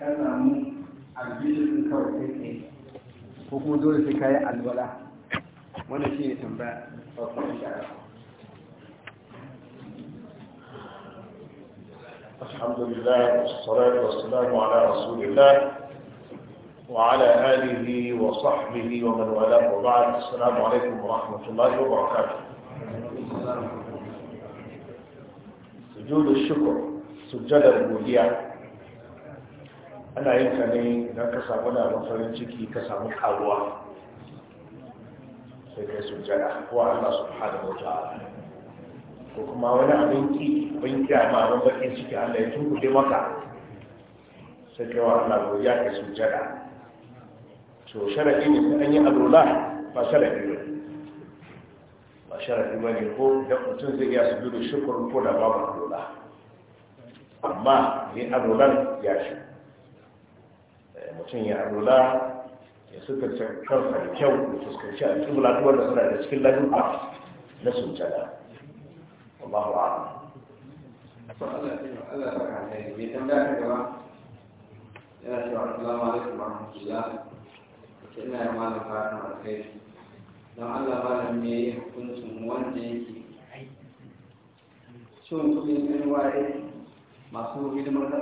kana mu aljihun kawai ko kuma dole sai kayi alwala shi ne tambaya a shara الحمد لله والصلاة والسلام على رسول الله وعلى آله وصحبه ومن والاه وبعد السلام عليكم ورحمة الله وبركاته سجود الشكر سجد الألوهية ana yin ta ne idan ka samu labarin farin ciki ka samu karuwa sai kai sujjada ko Allah subhanahu wa ta'ala ko kuma wani abin ki abin kyama wani bakin ciki Allah ya tunkuɗe maka sai kai wa Allah ya kai sujjada to sharaɗi ne sai an yi alula ba sharaɗi ba ba sharaɗi ba ne ko da mutum zai iya su biyu da shukur ko da babu alola amma ne alulan ya shi mutum ya alula ya suka kansa da kyau da fuskanci a cikin lafiyar da suna da cikin lafiyar na sujjada Allahu a'lam wa rahmatullah don allah malam ne ya hukuncin wanda yake cin kuɗin yan waye masu hidimar da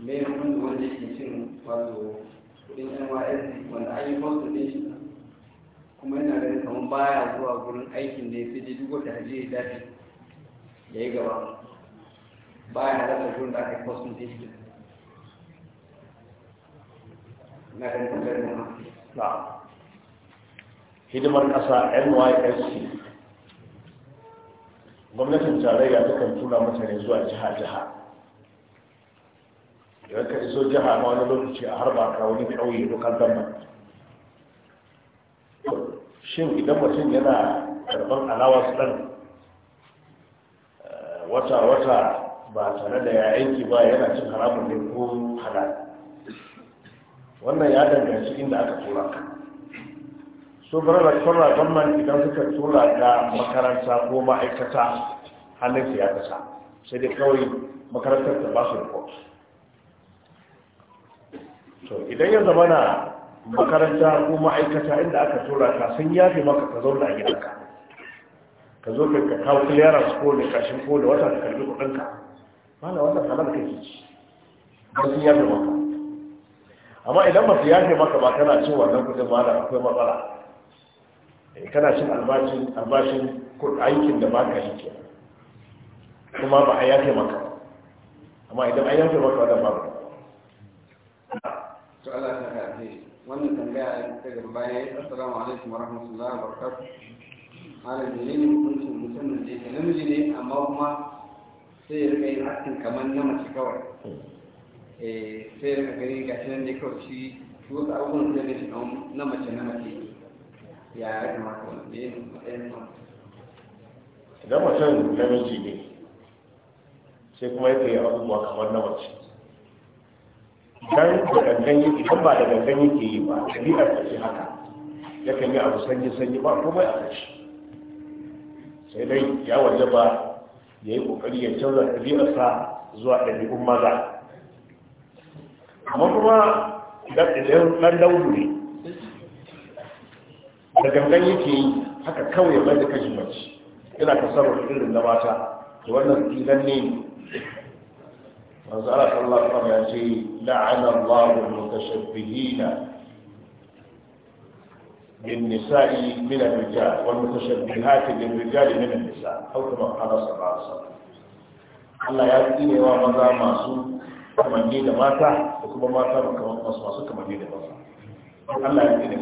mai wanda wanda ke cin wato kudin nysc wanda an yi wasu ɗin shi kuma yana ganin kamar baya zuwa gurin aikin ne sai dai duk wata hajji ya dace ya yi gaba baya halatta gurin da aka yi wasu ɗin shi na kan tambayar da na hidimar ƙasa nysc gwamnatin tarayya ta kan tura mutane zuwa jiha-jiha idan ka iso jiha ma wani lokaci a harba ka wani ƙauye lokal government shin idan mutum yana karɓar su dan eh, wata-wata ba tare da ya aiki ba yana cin haramun ne ko halal wannan ya danganci inda aka tura ka so da tura gamman idan suka tura ka makaranta ko ma'aikata hannun siyasa sai dai kawai makarantar ta ba su report to idan ya zama na makaranta ko ma'aikata inda aka tura ka sun yafe maka ka zauna a gidanka ka zo ka kawo clearance ko da kashin ko da wata ka karbi kuɗinka mana wannan halar da ke ci ba sun yafe maka amma idan ba su yafe maka ba kana cin wannan kudin ba da akwai matsala eh, kana cin albashin albashin aikin da ba ka yi ke kuma ba a yafe maka amma idan a yafe maka wadda ba. to Allah ta haɗe wannan tambaya ta gaba ya assalamu alaikum wa rahmatullahi wa barakatu malam ne ne hukuncin mutumin da yake namiji ne amma kuma sai ya rika yin haƙƙin kamar na mace kawai eh, sai ya rika gani ga shi nan ne kawai shi shi wasu abubuwan da ne shi na mace na mace ya ya kamata wanda ya yi matsayin idan mutum namiji ne sai kuma yake yi abubuwa kamar na mace dan da gangan yake ba da gangan yake yi ba ɗabi'ar ta ce haka ya kan yi abu sanyi sanyi ba komai a kashi sai dai ya waje ba ya yi kokari ya canza sa zuwa ɗabi'un maza amma kuma idan ɗan daudu ne da gangan yake yi haka kawai ya bai da kashi mace yana kasarwa irin na mata da wannan idan ne manzara Allah kuma ya ce la'ana Allahu mutashabbihina bin nisa'i min ar-rijal wal mutashabbihati bin rijali min an-nisa aw kama qala sallallahu alaihi wasallam Allah ya tsine wa maza masu kamanni da mata da kuma mata masu masu da maza Allah ya tsine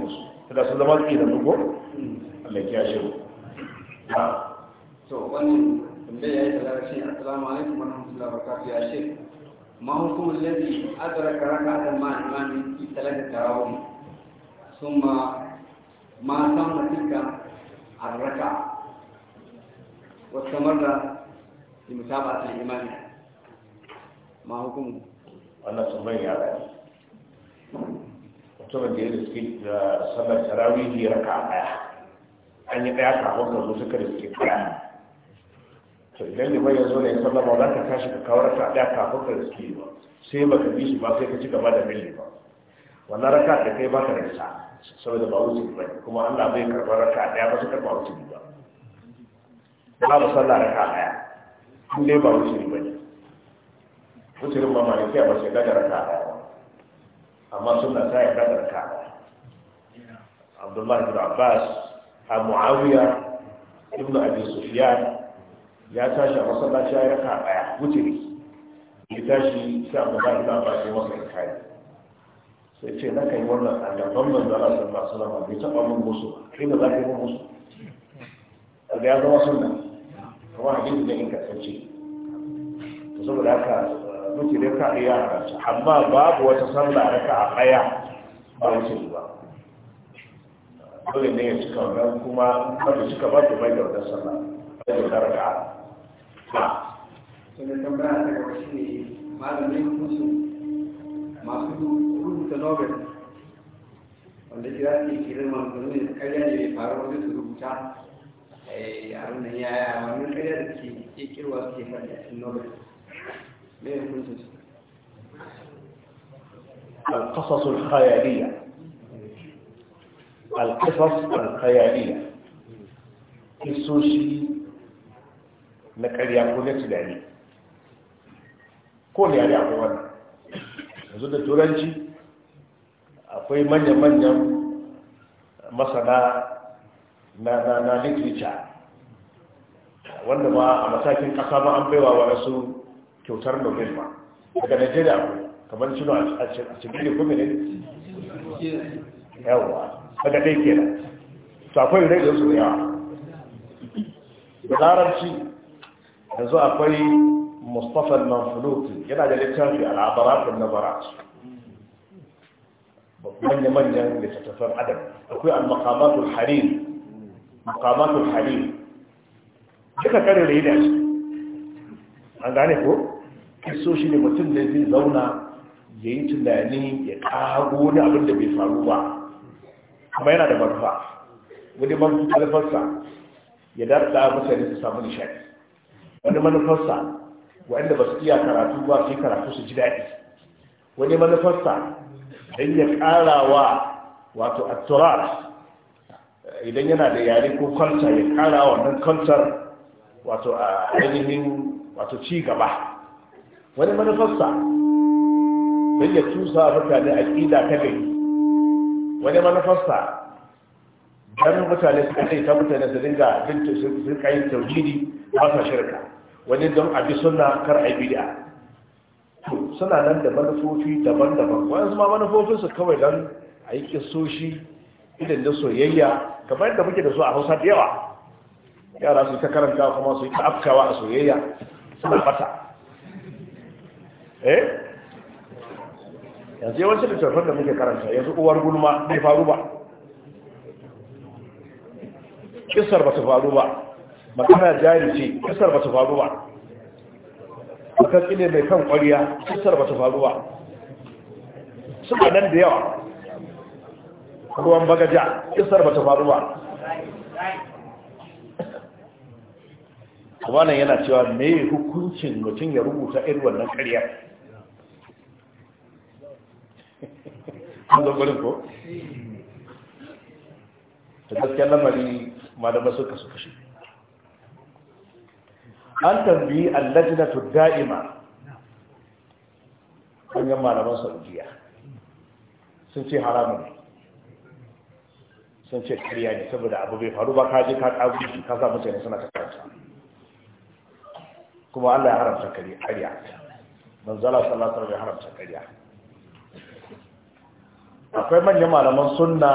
zama tsine da Allah ya shiru to wani tambaya ya yi ما هو الذي أدرك ركعة مع الإمام في ثلاثة تراويح ثم ما wa تلك الركعة واستمر في متابعة الإمام ما حكمه؟ wannan tambayin yara mutumin da ya riske da sallar tarawih raka a daya an yi daya kafin ka zo suka riske to idan liman ya zo ne sallama za ka tashi ka kawar ka da kafin ka riske ba sai ba ka bishi shi ba sai ka ci gaba da milli ba wannan raka da kai ba ka da saboda ba wuce ba kuma Allah bai karɓar raka daya ba su ba wuce ba Ba ba sallah raka daya kun dai ba wuce ba ne wuce ba ma ne kai ba sai daga raka ba. amma sunna ta yi daga raka daya Abdullahi bin Abbas a Muawiya ibn Abi Sufyan ya tashi a masallaci ya raka daya ne ya tashi sai abu ba ina ba sai masa kai sai ce na kai wannan a gaban a sallallahu alaihi wasallam ya taba mun musu kai da zaka yi mun musu da ya zama sunna kuma cikin da in ce. to saboda haka wuce da ka iya halarci amma babu wata sallah raka a daya ba wuce ba dole ne ya cika wannan kuma kada cika ba ta bai da wannan sallah bai da raka'a القصص الخيالية القصص الخيالية في السوشي na karya ko na tunani ko ne yare akwai wannan yanzu da turanci akwai manya-manyan masana na literature wanda ma a matakin ƙasa ma an baiwa wasu kyautar nobel ba daga nigeria akwai kamar shi a cikin ne kuma ne yawa daga dai kenan akwai rai da su yawa da larabci yanzu akwai mustapha manfuluti yana da littafi al'abaratun nazarat manya-manyan littattafan adam akwai al-makamatul harim makamatul harim duka kare da yi an gane ko kiso shi ne mutum da zai zauna ya yi tunani ya kago wani abin da bai faru ba kuma yana da manufa wani manufa alfarsa ya darta mutane su samu nishadi wani manufarsa wanda ba su iya karatu ba su yi karatu su ji daɗi wani manufarsa don ya ƙara wa wato atturar idan yana da yare ko kwalta ya ƙara wannan kwantar wato a ainihin wato ci gaba wani manufarsa don ya tusa mutane a ƙida ta gari wani manufarsa don mutane su kasai ta mutane su dinga bin tushen kayan ba sa shirka wani don abi suna kar a bid'a to suna nan da manufofi daban-daban wani ma manufofinsu kawai don a yi kisoshi idan da soyayya kamar yadda muke da su a hausa da yawa yara su ta karanta kuma su yi ta afkawa a soyayya suna bata eh yanzu yawancin littattafan da muke karanta yanzu uwar gulma bai faru ba kisar ba ta faru ba magana jari ce kasar ba ta faru ba makar ne mai kan kwariya kasar ba ta faru ba suna nan da yawa ruwan bagaja kasar ba ta faru ba kwanan yana cewa ne hukuncin mutum ya rubuta irin wannan karyar an zogonin ko? da gaskiyar lamari malama suka suka shi an tambayi allajinatu da'ima hanyar malaman saudiya sun ce haramu ne sun ce kariya ne saboda abu bai faru ba ka je ka kawo shi ka ce ne suna ta karanta kuma Allah ya haramta kariya manzala sallallahu alaihi ya haramta kariya akwai manyan malaman sunna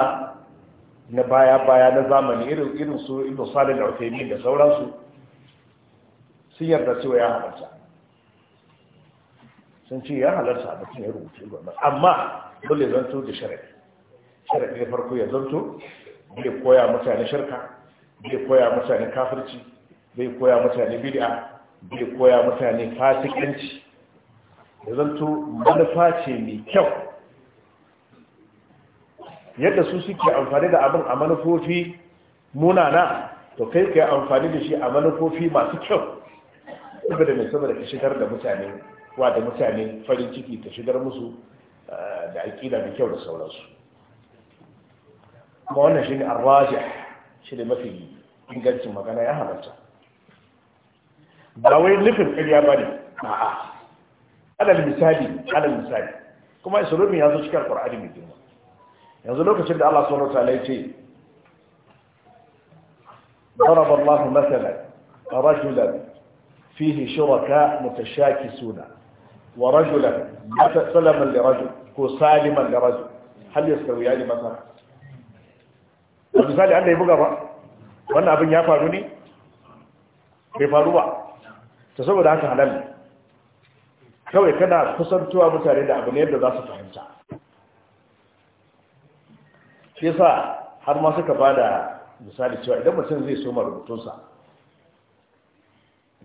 na baya-baya na zamani irin su ibn salih al-uthaymeen da sauransu sun yarda cewa ya halarta sun ce ya halarta a mutum ya rubuta gwamnati amma dole zanto da shari'a shari'a na farko ya zanto bai koya mutane shirka bai koya mutane kafirci bai koya mutane bid'a bai koya mutane fasikanci ya zanto manufa ce mai kyau yadda su suke amfani da abin a manufofi munana to kai ka yi amfani da shi a manufofi masu kyau saboda mai saboda ta shigar da mutane wa da mutane farin ciki ta shigar musu eh, da aƙida da kyau da sauransu kuma wannan shi ne arrajih shi ne mafi ingancin magana ya halarta ba wai nufin ƙarya ba ne a'a alal misali alal misali kuma isulumin ya zo cikin alƙur'ani mai girma yanzu lokacin da Allah subhanahu wa ta'ala ya ce ضرب الله مثلا رجلا fihi شركاء متشاكسون ورجلا rajulan salaman li rajul ko saliman li rajul hal yastawiya ne masa misali Allah ya buga ba wannan abin ya faru ne bai faru ba ta saboda haka halal kawai kana kusantuwa mutane da abin yadda za su fahimta shi sa har ma suka ba da misali cewa idan mutum zai soma rubutunsa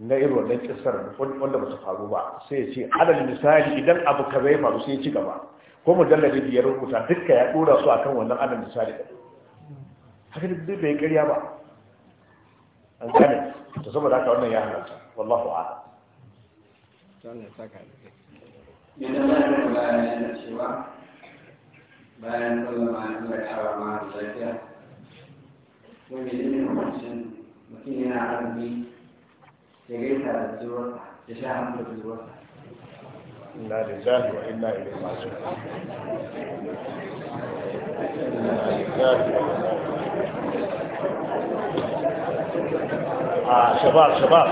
na irin wannan kisar wanda ba su faru ba sai ya ce adal misali idan abu ka zai faru sai ya ci gaba ko mu mujallabi biyar rubuta dukka ya dora su akan wannan adal misali haka duk bai karya ba an gane to saboda haka wannan ya halarta wallahu a'lam dan ya saka ni da bayan da cewa bayan sallama an da kawo ma ko wani ne mutum yana arziki إنا لله وإنا إليه راجعون آه، شباب شباب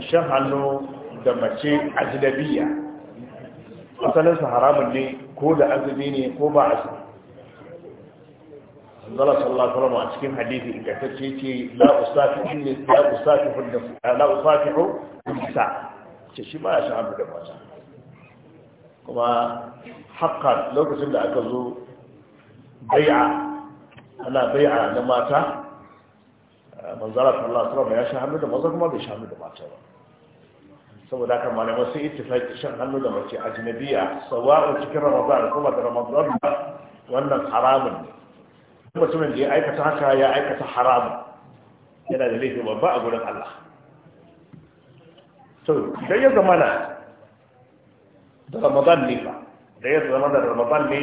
شهر له دمشي أجنبية مثلا سهرام اللي ko da azumi ne ko ba azumi Allah sallallahu alaihi wasallam a cikin hadisi ingantacce ce ce la usafihu ne la usafihu da la usafihu bisa ce shi ba ya shan abu da mata kuma haƙƙa lokacin da aka zo bai'a ana bai'a na mata manzara sallallahu alaihi wasallam ya shan hannu da maza kuma bai shan hannu da mata ba saboda haka malamai sun ittifaki shan hannu da mace ajnabiya sawa'u cikin ramadan kuma da ramadan wannan haramun ne mutumin da ya aikata haka ya aikata haramun yana da laifi babba a gurin Allah to idan ya zama na da ramadan ne fa da ya zama da ramadan ne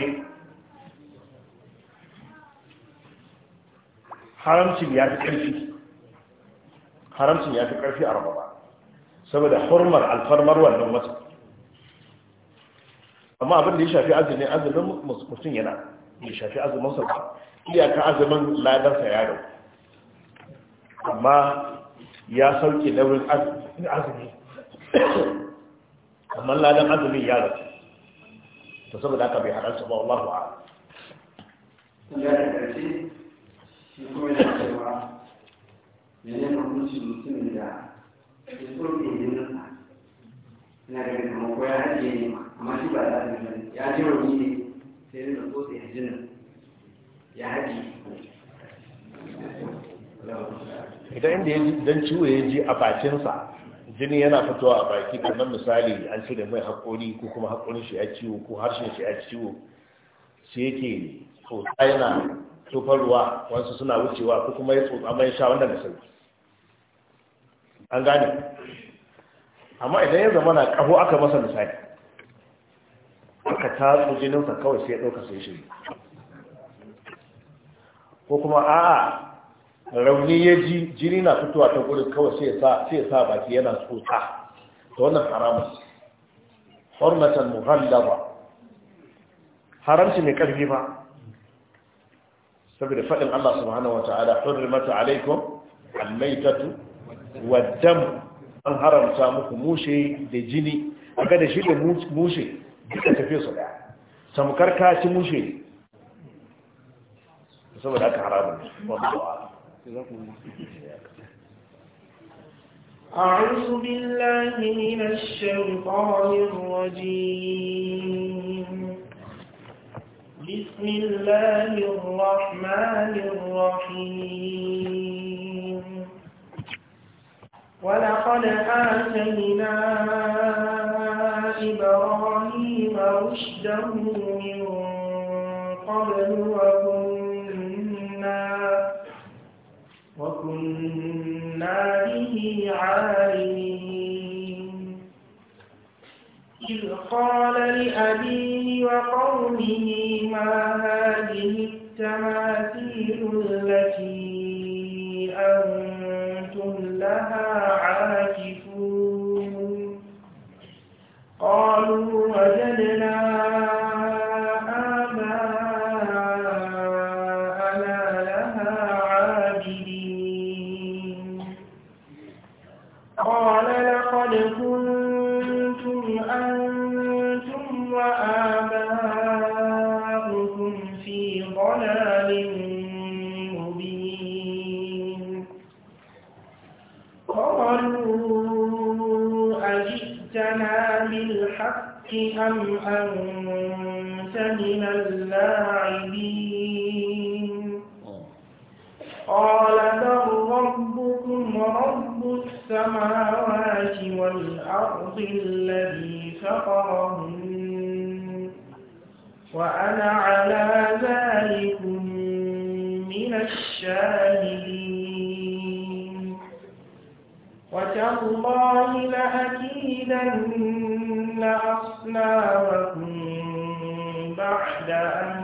haramcin ya fi karfi haramcin ya fi karfi a ramadan saboda hurmar alfarmar wannan wata amma abin da ya shafi azumi azumin mutum yana ya shafi azumin sa iyaka azumin ladarsa ya rau amma ya sauke nauyin azumi amma ladan azumin ya rau to saboda haka bai haɗarsa ba Allah ba'a ya da ƙarshe shi kuma yana cewa menene mutum mutumin da ita ne ya amma shi ba za yi ya ji rauni ya ya idan inda ya ciwo ya ji a bakinsa jini yana fitowa a baki kamar misali an cire mai haƙori ko kuma haƙorin shi ya ciwo ko harshen shi ya ciwo shi yake tsotsa yana tufar wasu suna wucewa ko kuma ya tsotsa mai sha wanda da sauki an gane amma idan ya zama na kaho aka masa misali aka tatsu jininsa kawai sai ya ɗauka sai shi ko kuma a'a rauni ya ji jini na fitowa ta gurin kawai sai ya sa baki yana tsota ta wannan haramun hormatan muhallaba haramci mai ƙarfi ba saboda faɗin Allah subhanahu wa ta'ala hurrimatu alaikum almaitatu waddam an haramta muku mushe da jini aga da shi da mushe duka tafiye su daya samkar kaci mushe saboda aka haramun أعوذ بالله من الشيطان الرجيم بسم الله الرحمن الرحيم ولقد آتينا إبراهيم رشده من قبل وكنا وكنا به عالمين إذ قال لأبيه وقومه ما هذه التماثيل التي أنتم لها عاكفون قالوا وجدنا أم أنت من اللاعبين قال بل ربكم رب السماوات والأرض الذي فقرهن وأنا على ذلك من الشاهدين وتالله لأكيدن أصنامكم بعد أن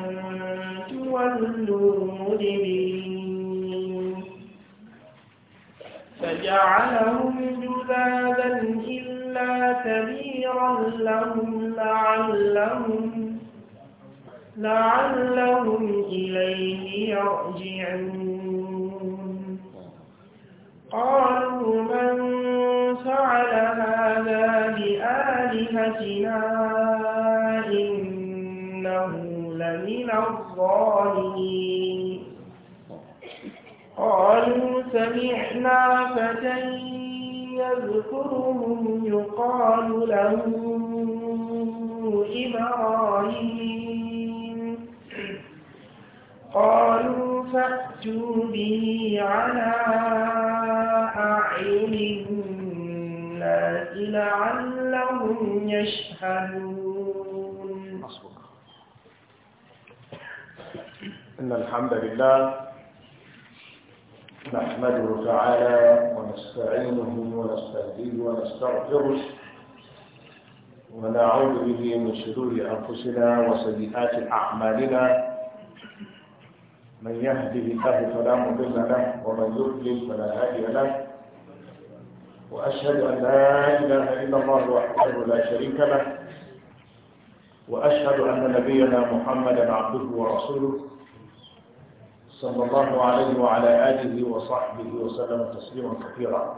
تولوا مدبرين فجعلهم جذابا إلا كبيرا لهم لعلهم لعلهم إليه يرجعون قالوا من فعل هذا بآلهتنا إنه لمن الظالمين قالوا سمعنا فتى يذكرهم يقال له إبراهيم قالوا فأتوا به على أعين الناس لعلهم يشهدون إن الحمد لله نحمده تعالى ونستعينه ونستهديه ونستغفره ونعوذ به من شرور أنفسنا وسيئات أعمالنا من يهده الله فلا مضل له ومن يضلل فلا هادي له وأشهد أن لا إله إلا الله وحده لا شريك له وأشهد أن نبينا محمدا عبده ورسوله صلى الله عليه وعلى آله وصحبه وسلم تسليما كثيرا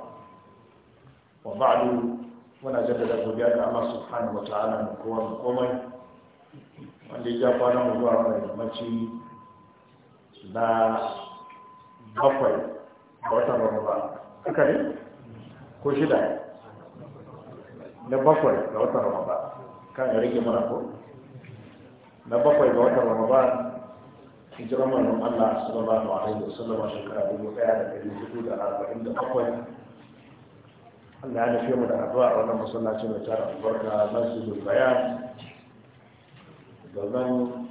وبعد وانا جدد godiya ga Allah subhanahu wa ta'ala mu kowa mu komai wanda na bakwai a watan ramadan haka ne ko shida na bakwai ga watan ramadan kan ya rage mana ko na bakwai ga watan ramadan hijirar manzon Allah sallallahu alaihi wasallam shekara dubu daya da dari hudu da arba'in da bakwai Allah ya nufi mu da addu'a a wannan masallaci da tara albarka masjidul bayan da zan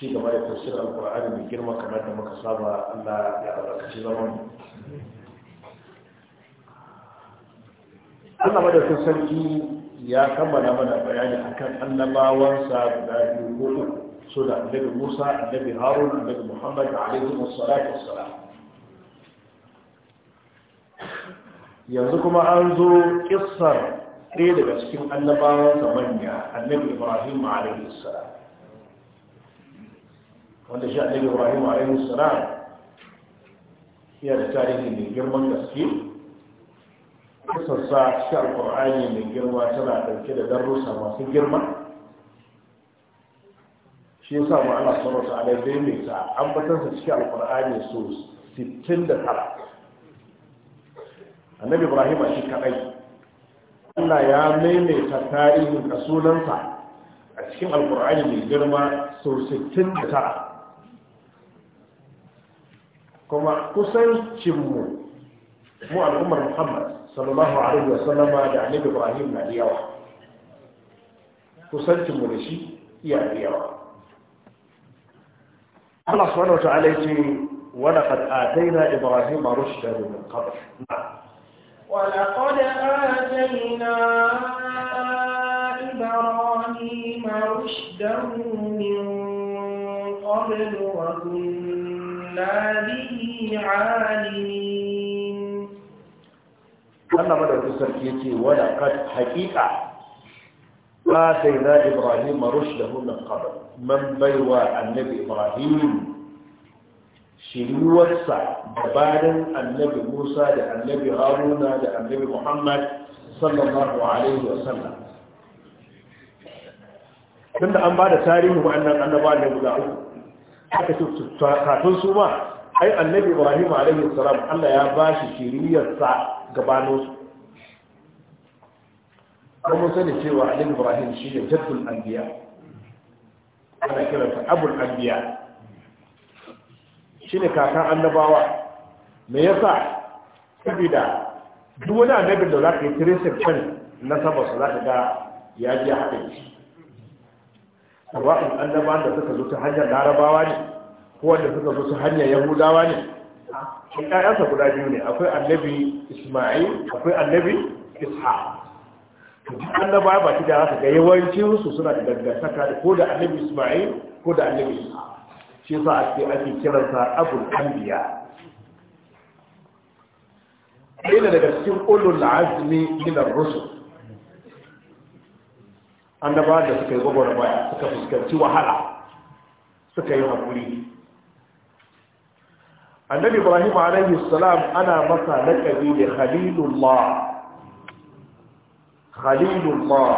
ci gaba da tafsir alkur'ani mai girma kamar da muka saba Allah ya albarkaci zaman Allah da sarki ya kammala mana bayani akan annabawansa guda biyu ko uku da annabi Musa annabi Harun annabi Muhammad alaihi wassalatu wassalam yanzu kuma an zo kissar ɗaya daga cikin annabawansa manya annabi Ibrahim alaihi salam wanda shi annabi ibrahim alaihi salam ya da tarihi mai girman gaske kusursa shi Alƙur'ani mai girma tana ɗauke da darussa masu girma shi yasa mu ana sanar ta alai dai mai sa an batansa cikin da tara. 69 annabi ibrahim a shi kaɗai Allah ya maimaita tarihin kasunansa a cikin Alƙur'ani mai girma sau 69 كما كسل تشمو مو محمد صلى الله عليه وسلم على ابراهيم على اليوم كسل يا اليوم الله سبحانه وتعالى ولقد آتينا إبراهيم رشده من قبل نعم. ولقد آتينا إبراهيم رشده من قبل وكنا عالمين الله ما تسرك يتي ولقد حقيقة إبراهيم رشده من قبل من بيوى النبي إبراهيم شنوصة بعد النبي موسى النبي هارون النبي محمد صلى الله عليه وسلم tun da an ba da tarihi wa'annan annabawa da guda uku haka su ma ai annabi ibrahim alaihi salam Allah ya bashi shiriyar sa gabano su kuma sani cewa annabi ibrahim shi ne jaddul anbiya ana sa abul anbiya shine kakan annabawa me yasa saboda duk wani annabi da za ka yi na saba su za ka ga ya ji haɗin shi. Saba'in annaba da suka zo ta hanyar larabawa ne, kowanne suka zo su hanyar yahudawa ne shi ƴaƴansa guda biyu ne akwai annabi isma'il akwai annabi isha duk annaba ba ki da su ga yawancin su suna da dangantaka ko da annabi isma'il ko da annabi isha shi a ce ake kiransa abul anbiya ɗaya daga cikin ulul azmi min rusu. rusul annabawan da suka yi gwagwar baya suka fuskanci wahala suka yi haƙuri annabi ibrahim alayhi salam ana masa laƙabi da khalilullah khalilullah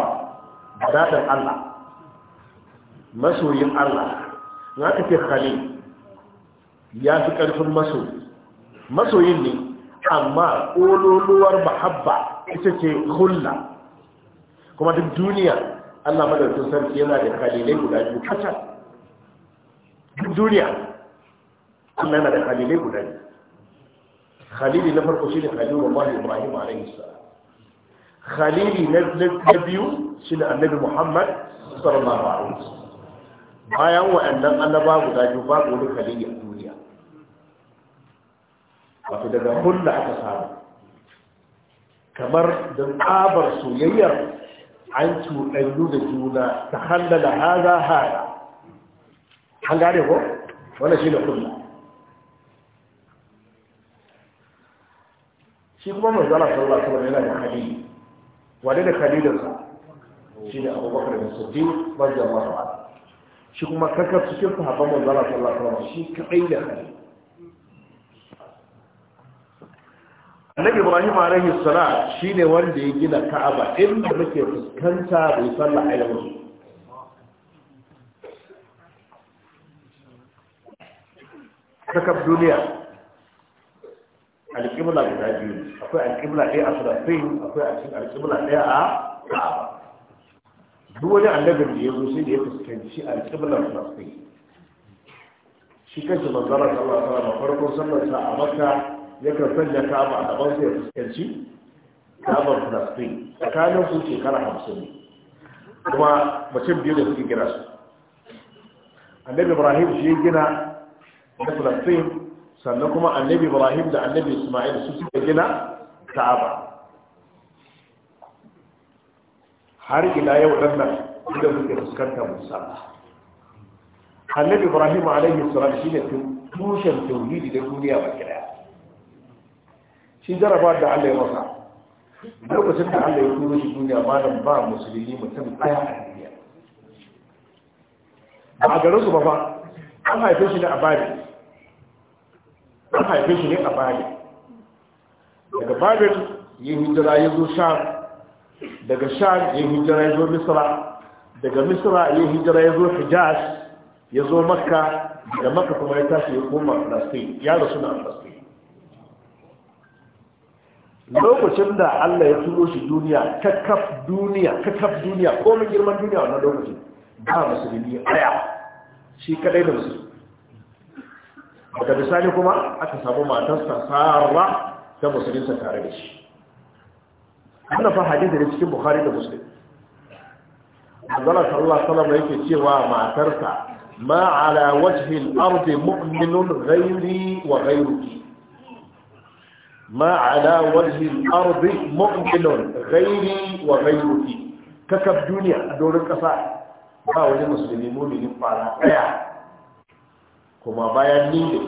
daɗin allah masoyin allah na ka ce khalil ya fi ƙarfin masoyi masoyin ne amma ƙololuwar mahabba ita ce hulla kuma duk duniya allah madaukin sarki yana da khalilai guda biyu kacal duk duniya أما ما الخليل يقول لي خليل نفر قصير خليل الله إبراهيم عليه السلام خليل نزل نبي سنة النبي محمد صلى الله عليه وسلم آية وأن أنا باب داجو باب خليل الدنيا وفي ذلك هل أتصال كمر دم آبر سوير أنت أن يجدون تخلل هذا هذا هل يعرفه؟ ولا شيء يقول له shi kuma mai Allah sallallahu alaihi wani yana da wani da khalilin sa shi ne da Bakar bin Siddiq masu ala shi kuma kakar cikin sahabban mai Allah sallallahu alaihi wani shi kaɗai da khalil annabi ibrahim alaihi shi ne wanda ya gina ka'aba inda muke fuskanta bai sallah a yanzu kakab duniya alƙibla guda biyu akwai alƙibla ɗaya a sarafin akwai alƙibla ɗaya a ka'aba duk wani annabin da ya zo sai da ya fuskanci alƙibla sarafin shi kanshi manzara sallallahu alaihi wasallam farkon sallar sa a makka kan sanya ka'aba a gaban sai ya fuskanci ka'abar sarafin tsakanin su shekara hamsin ne kuma mutum biyu da suke gina su annabi ibrahim shi ya gina na sarafin sannan kuma annabi ibrahim da annabi isma'il su suka gina ka'aba har ila yau dan nan inda muke fuskantar musa? annabi ibrahim alaihi salam shine tushen tauhidi da duniya ba kira shi jaraba da Allah ya masa lokacin da Allah ya turo shi duniya malam ba musulmi mutum daya a duniya ba a garin su ba ba an haife shi ne a abadi an haife shi ne a babil daga babin ya hijira ya zo sham daga sham ya hijira ya zo misra daga misra ya hijira ya zo hijaz ya zo makka da makka kuma ya tashi ya koma plastic ya rasu na plastic lokacin da Allah ya turo shi duniya kakaf duniya kakaf duniya ko mai girman duniya wannan lokacin ba musulmi aya shi kadai da musulmi daga bisani kuma aka samu matarsa sarra ta musulinsa tare da shi wannan fa hadisi ne cikin bukhari da muslim Allah sallallahu alaihi wasallam yake cewa matarsa ma ala wajhi al mu'minun ghairi wa ghairuki ma ala wajhi al-ard mu'minun ghairi wa ghairuki kakab duniya a doron kasa ba wani musulmi mu'minin fara daya kuma bayan ni da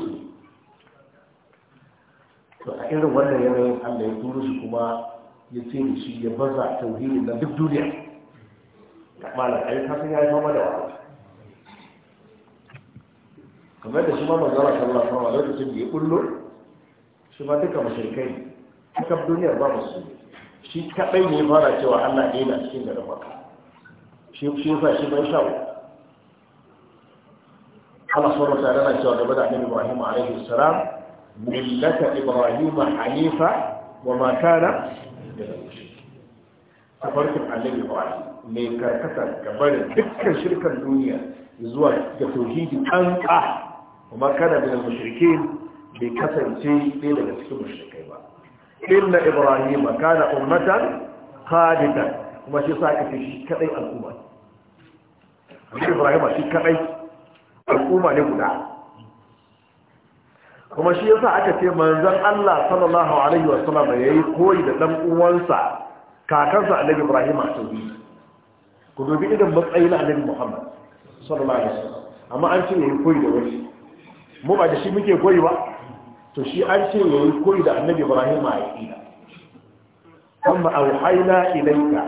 su to a irin wannan yanayin allah ya turo shi kuma ya ce da shi ya baza tauhiri na duk duniya malam ai kafin ya yi mama da wahala kamar da shi ma manzo Allah sallallahu alaihi wasallam lokacin da ya kullo shi ma duka mashirkai duka duniyar ba su, shi kadai ne fara cewa Allah ɗaya na cikin garin maka shi shi yasa shi bai shawo خلاص ورا سألنا جواب بدأ من إبراهيم عليه السلام ملة إبراهيم حنيفة وما كان سفرت مع النبي إبراهيم من كركتة كبر بكر شركة الدنيا زوج كتوحيد أنقى وما كان من المشركين بكثرة شيء إلا بس مشركين إن إبراهيم كان أمة قادتا وما شيء صار كتير كذي الأمة إبراهيم شيء كذي al'umma ne guda kuma shi yasa aka ce manzon Allah sallallahu alaihi wasallam yi koyi da dan uwansa kakansa Annabi Ibrahim a tauhi ku dubi idan matsayin Annabi Muhammad sallallahu alaihi wasallam amma an ce ya yi koyi da wani mu ba da shi muke koyi ba to shi an ce ya yi koyi da Annabi Ibrahim a aqida amma auhayna ilayka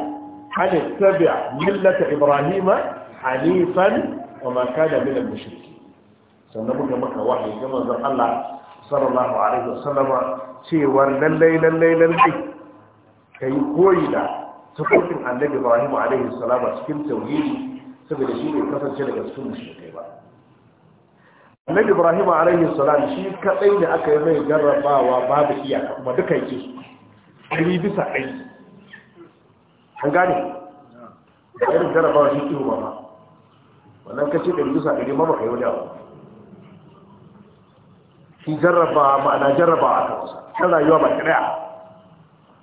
an tabi' millata ibrahima hanifan wa ma kana min al-mushriki sannan muka maka wahayi ga manzon Allah sallallahu alaihi wa wasallama cewa lallai lallai lallai kai koyi da tukukin annabi Ibrahim alaihi salama cikin tauhidi saboda shi ne kasance daga cikin kai ba annabi Ibrahim alaihi salam shi kadai ne aka yi mai garrabawa babu iyaka kuma duka yake ɗari bisa ɗari an gane da irin garrabawa shi ke ba wannan kace ɗari bisa ɗari ma baka yi wani abu shi jarraba ana jarraba a kansa kan rayuwa ba kiraya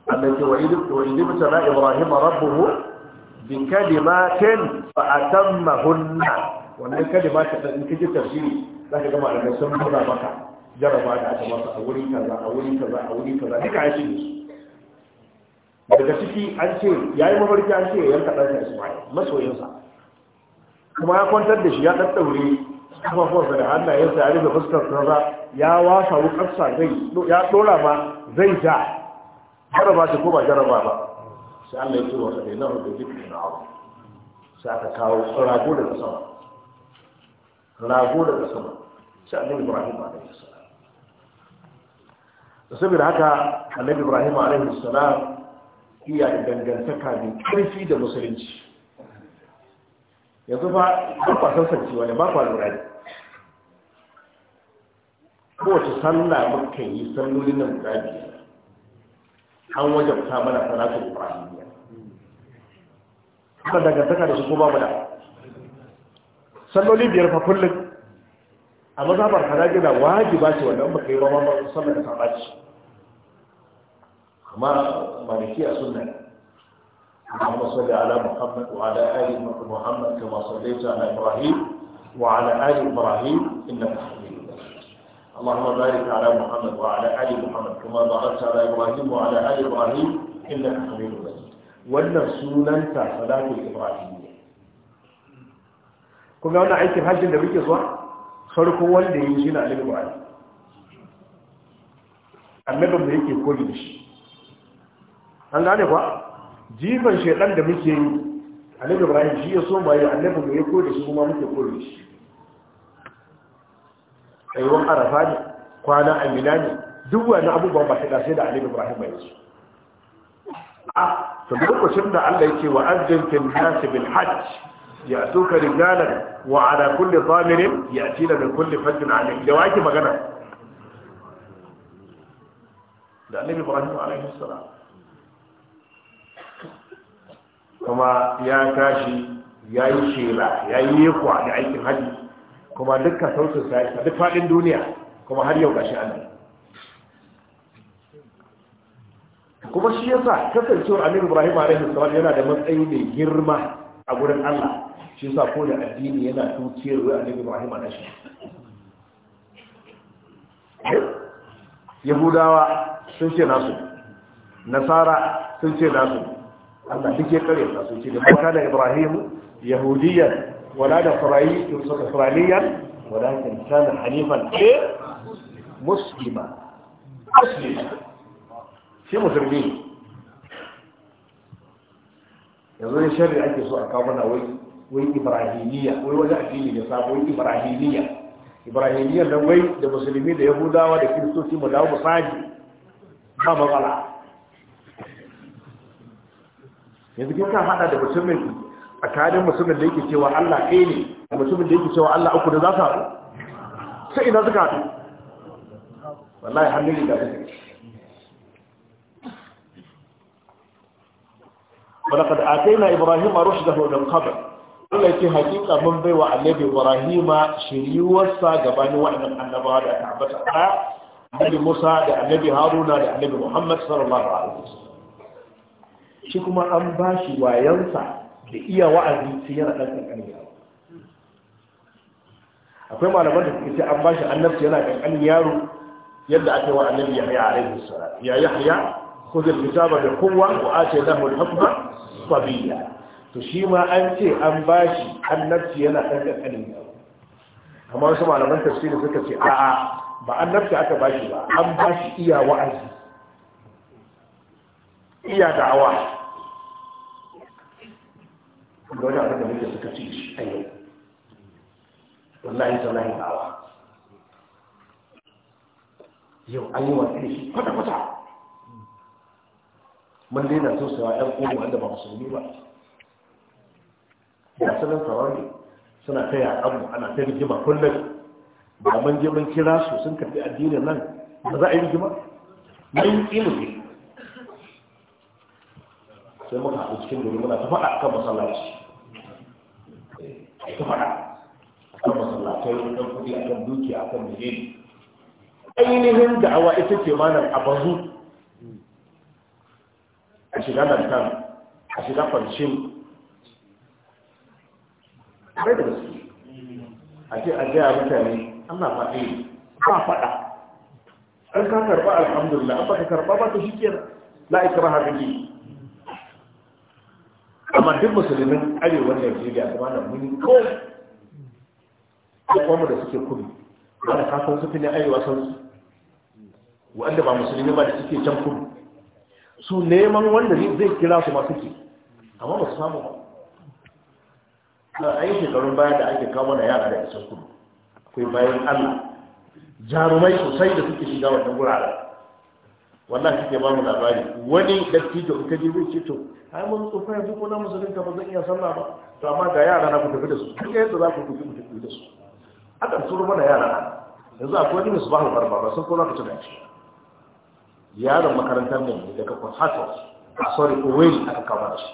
annake wa ta tana ibrahim rabbuhu bi kalimatin fa atammahunna wannan kalima ta in kaje tafsiri zaka ga malamai sun nuna maka jarraba da aka masa a wurin kaza a wurin kaza a wurin kaza duka ya shi daga ciki an ce yayi mafarki an ce yanka ɗansa Ismail masoyinsa kuma ya kwantar da shi ya daddaure kafafuwarsa da hannayensa ya rufe fuskar sarara ya wasa wukarsa zai ya ɗora ma zai ja jaraba ce ko ba jaraba ba sai Allah ya ce wa sai da hudu duk na abu sai aka kawo rago da sama rago da sama sai annabi Ibrahim alaihi salam da saboda haka annabi Ibrahim alaihi salam iya dangantaka mai karfi da musulunci yanzu ba ba kwa sassance wani ba kwa lura ne kowace sallah muka yi sallolin nan guda biyar an wajen ta mana salatul ibrahimiyya kuma dangantaka da su ko babu da salloli biyar fa kullum a gina hanabila ba ce wannan baka yi ba ma sallar ba ce amma maliki a sunan اللهم صل على محمد وعلى آل محمد كما صليت على إبراهيم وعلى آل إبراهيم إنك حميد مجيد اللهم بارك على محمد وعلى آل محمد كما باركت على إبراهيم وعلى آل إبراهيم إنك حميد مجيد wannan sunanta salatul الإبراهيمية kuma أنا aikin في da النبي صح خلق wanda ya yi shi na alibu ali annabin da yake koyi da jifan shaidan da muke yi annabi ibrahim shi ya so ba yi annabi mai ya koda shi kuma muke kore shi tsayuwan arafa ne kwana amina ne duk wani abubuwan ba ta sai da annabi ibrahim ba yanzu a to lokacin da allah ya ce wa azzintin nasi bil hajj ya so tuka rijalan wa ala kulli zamirin ya tina min kulli fajjin alim da wake magana da annabi ibrahim alaihi salam kuma ya tashi ya yi shela ya yi yekwa da aikin hajji kuma dukkan sautin sa a duk faɗin duniya kuma har yau gashi annabi kuma shi yasa kasancewar annabi ibrahim alaihi salam yana da matsayi mai girma a gurin Allah shi yasa ko da addini yana tukiyar wa annabi ibrahim alaihi yahudawa sun ce nasu nasara sun ce nasu Allah duk ya kare ta sun ce da kuma da Ibrahim yahudiyyan wala da farayi in suka faraliyan walakin kana hanifan ce eh, muslima muslima shi musulmi yanzu ne shari'a ake so a kawo mana wai wai ibrahimiyya wai wani addini ya sabo wai ibrahimiyya ibrahimiyya nan wai da musulmi da yahudawa da kiristoci mu dawo mu saji ba matsala yanzu kin hada da a tsakanin musulmin da yake cewa Allah ɗaya ne da musulmin da yake cewa Allah uku da za su haɗu sai ina suka haɗu wallahi hannun da ta ولقد آتينا إبراهيم رشده من قبل Allah ce hakika mun bai wa annabi Ibrahima shiriyuwarsa gabanin waɗannan annabawa da aka ambata a Musa da annabi Haruna da annabi Muhammad sallallahu alaihi shi kuma an ba shi wayansa da iya wa'azi sai yana ɗan ƙanƙanin yaro akwai malaman da suka ce an ba shi annabci yana ƙanƙanin yaro yadda ake wa annabi a alaihi salam ya yahya khudh al-kitaba bi quwwa wa ataynahu al-hukma sabiya to shi ma an ce an bashi annabci yana ɗan ƙanƙanin yaro amma wasu malaman tafsiri suka ce a'a ba annabci aka bashi ba an bashi iya wa'azi iya da'awa da wani abin da muke suka ci shi a yau wallahi zallahi da'awa yau an yi wasu shi kwata-kwata mun daina so sawa yan uwa wanda ba musulmi ba ya sanar saurari suna ta yi yaƙanmu ana ta rigima kullum ba mun je mun kira su sun karɓi addinin nan ba za a yi rigima mun yi mu ne sai muka haɗu cikin gari muna ta faɗa akan masallaci ta faɗa akan masallatai akan kuɗi akan dukiya akan menene ainihin da'awa ita ce malam a bazu a shiga lantan a shiga kwancin bai da gaske a ce a gaya mutane ana faɗi ba faɗa an ka karɓa alhamdulillah an ba ka karɓa ba ta shi kenan la ikraha bihi amma duk musulmin da najeriya da da mun kawai Ko kuma da suke kudu wanda kafin su ne arewa sun su wanda ba musulmi ba da suke can kudu su neman wanda zai kira su masu ke amma ba su samu ba a yi shekarun baya da ake kawo na yara da isan kudu akwai bayan allah jarumai sosai da suke shiga wannan guraren wallahi suke ba mu labari wani dattijo in ka je zai ce to ai mun tsufa yanzu ko na musulunta ba zan iya sallah ba to amma ga yara na ku tafi da su duk yadda za ku tafi ku tafi da su aka tsoro mana yara yanzu akwai wani musu ba barba ba sun ko za ku tuna shi yaron makarantar mu ne daga Port Harcourt a ah, sorry Oweri aka kama shi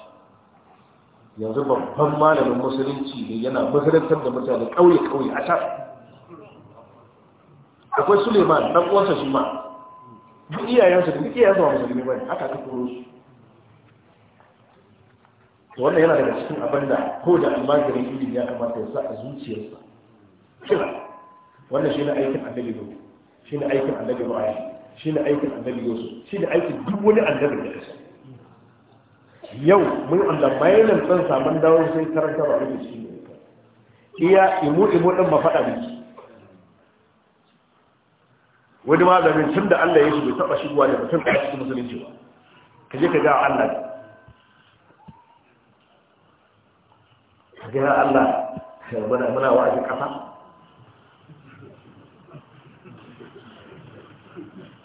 yanzu babban malamin musulunci ne yana makarantar da mutane kauye kauye a ta akwai Suleiman dan uwansa shi ma duk iyayensu duk iyayensu ba musulmi bane haka aka turo su to wannan yana daga cikin abin da ko da almajirin ilimi ya kamata ya sa a zuciyarsa kira wannan shine aikin annabi go shine aikin annabi ru'aya shine aikin annabi yusuf shine aikin duk wani annabi da kasa yau mun Allah bayanan san saman dawo sai karanta ba rubuci ne iya imu imu din ba faɗa miki wani maganin tun da Allah ya shi bai taba shigowa da mutum a cikin musulunci ba ka je ka ga Allah ka ga Allah muna muna wa'azin kasa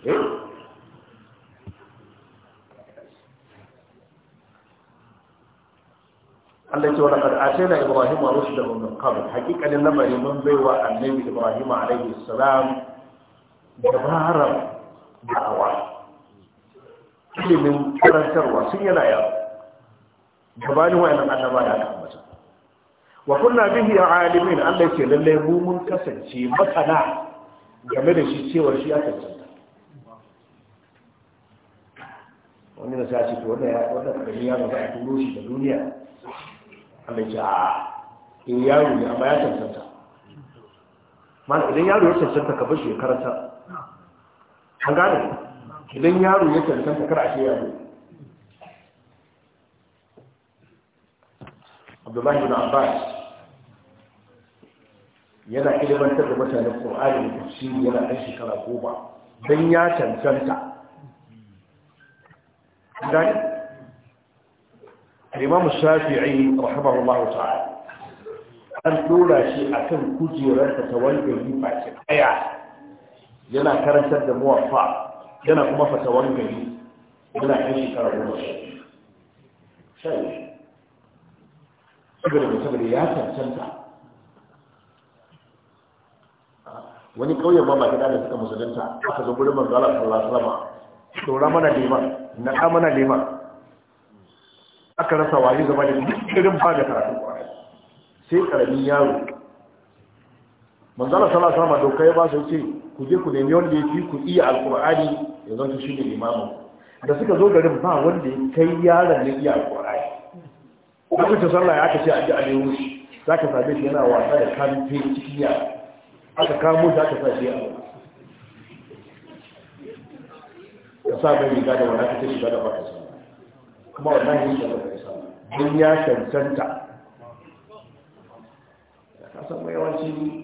eh Allah ce wala qad atayna ibrahima rushdahu min qabl haqiqatan lamma mun baiwa annabi ibrahima alayhi salam dabarar da'awa ilimin karantarwa sun yana yawo gabanin wa'annan annaba da aka ambata wa kunna bihi alimin Allah yake lalle mu mun kasance masana game da shi cewa shi aka tsanta wani na sashi to wanda ya wanda kare ya ga a turo shi da duniya Allah ya in yaro ne amma ya tsanta mal idan yaro ya tsanta ka bar shi ya karanta an gane idan yaro ya cancanta kar a ce yaro abdullahi bin abbas yana ilimantar da mutane ƙorari da tafsiri yana ɗan shekara goma don ya cancanta gani alimamu shafi'i Allah ta'ala an dora shi akan kujerar ta ta wanda yi baki ɗaya yana karantar da muwaffa yana kuma wani gari yana kan shekara goma sha saboda saboda ya cancanta wani ƙauyen ma gida da suka musulunta aka zo gurin manzala sallallahu alaihi wasallam dora mana lema na da mana lema aka rasa wani zama da irin ba da karatu sai karamin yaro manzala sallallahu alaihi wasallam dokai ba su ce ku je ku nemi wanda yake ku iya alqur'ani ya zanto shi ne imamu da suka zo garin ba wanda ya kai yaron ne iya alqur'ani ta sallah ya kace aje aje a zaka sabe shi yana wasa da kamfe cikin yara aka kamo shi aka sabe shi a sabe sa mai riga da wani ta shiga da baka sallah kuma wannan shi da baka sallah don ya cancanta ka san mai yawanci